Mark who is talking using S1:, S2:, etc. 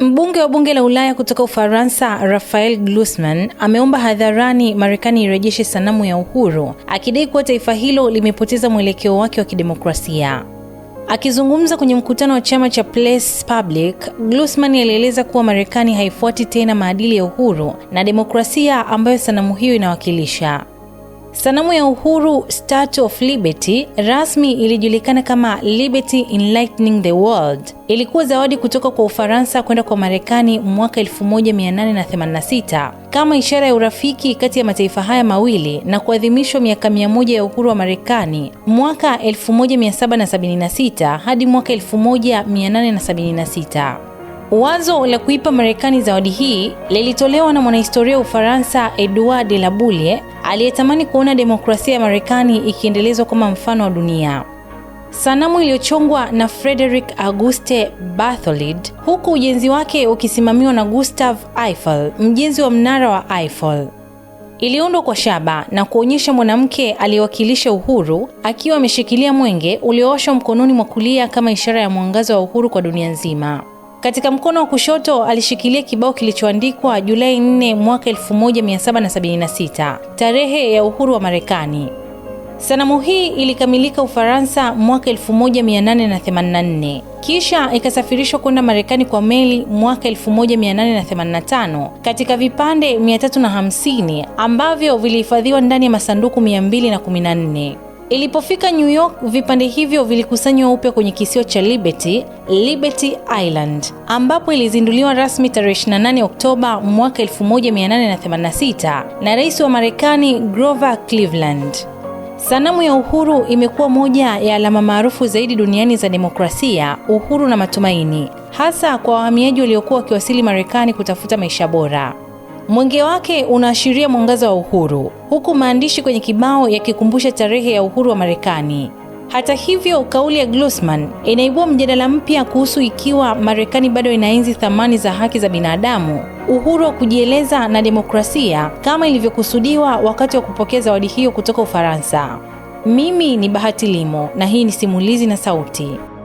S1: Mbunge wa bunge la Ulaya kutoka Ufaransa, rafael glusman ameomba hadharani Marekani irejeshe sanamu ya uhuru, akidai kuwa taifa hilo limepoteza mwelekeo wake wa kidemokrasia. Akizungumza kwenye mkutano wa chama cha Place Public, Glusman alieleza kuwa Marekani haifuati tena maadili ya uhuru na demokrasia ambayo sanamu hiyo inawakilisha. Sanamu ya uhuru Statue of Liberty rasmi ilijulikana kama Liberty Enlightening the World. Ilikuwa zawadi kutoka kwa Ufaransa kwenda kwa Marekani mwaka 1886 kama ishara ya urafiki kati ya mataifa haya mawili na kuadhimishwa miaka 100 ya uhuru wa Marekani mwaka 1776 hadi mwaka 1876. Wazo la kuipa Marekani zawadi hii lilitolewa na mwanahistoria wa Ufaransa Edouard de Laboulaye aliyetamani kuona demokrasia ya Marekani ikiendelezwa kama mfano wa dunia. Sanamu iliyochongwa na Frederick Auguste Bartholid huku ujenzi wake ukisimamiwa na gustave Eiffel, mjenzi wa mnara wa Eiffel. Iliundwa kwa shaba na kuonyesha mwanamke aliyewakilisha uhuru akiwa ameshikilia mwenge uliooshwa mkononi mwa kulia kama ishara ya mwangaza wa uhuru kwa dunia nzima. Katika mkono wa kushoto alishikilia kibao kilichoandikwa Julai 4 mwaka 1776, tarehe ya uhuru wa Marekani. Sanamu hii ilikamilika Ufaransa mwaka 1884 kisha ikasafirishwa kwenda Marekani kwa meli mwaka 1885 katika vipande 350 ambavyo vilihifadhiwa ndani ya masanduku 214. Ilipofika New York, vipande hivyo vilikusanywa upya kwenye kisiwa cha Liberty, Liberty Island, ambapo ilizinduliwa rasmi tarehe 28 Oktoba mwaka 1886 na Rais wa Marekani Grover Cleveland. Sanamu ya uhuru imekuwa moja ya alama maarufu zaidi duniani za demokrasia, uhuru na matumaini, hasa kwa wahamiaji waliokuwa wakiwasili Marekani kutafuta maisha bora. Mwenge wake unaashiria mwangaza wa uhuru, huku maandishi kwenye kibao yakikumbusha tarehe ya uhuru wa Marekani. Hata hivyo, kauli ya Glusman inaibua mjadala mpya kuhusu ikiwa Marekani bado inaenzi thamani za haki za binadamu, uhuru wa kujieleza na demokrasia kama ilivyokusudiwa wakati wa kupokea zawadi hiyo kutoka Ufaransa. Mimi ni Bahati Limo na hii ni Simulizi na Sauti.